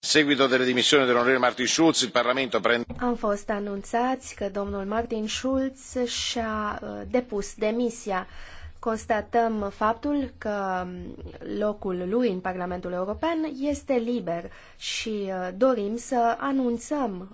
Seguito delle dimissioni dell'onorevole Martin Schulz, il Parlamento prende... Am fost anunțați că domnul Martin Schulz și-a uh, depus demisia. Constatăm faptul că um, locul lui în Parlamentul European este liber și uh, dorim să anunțăm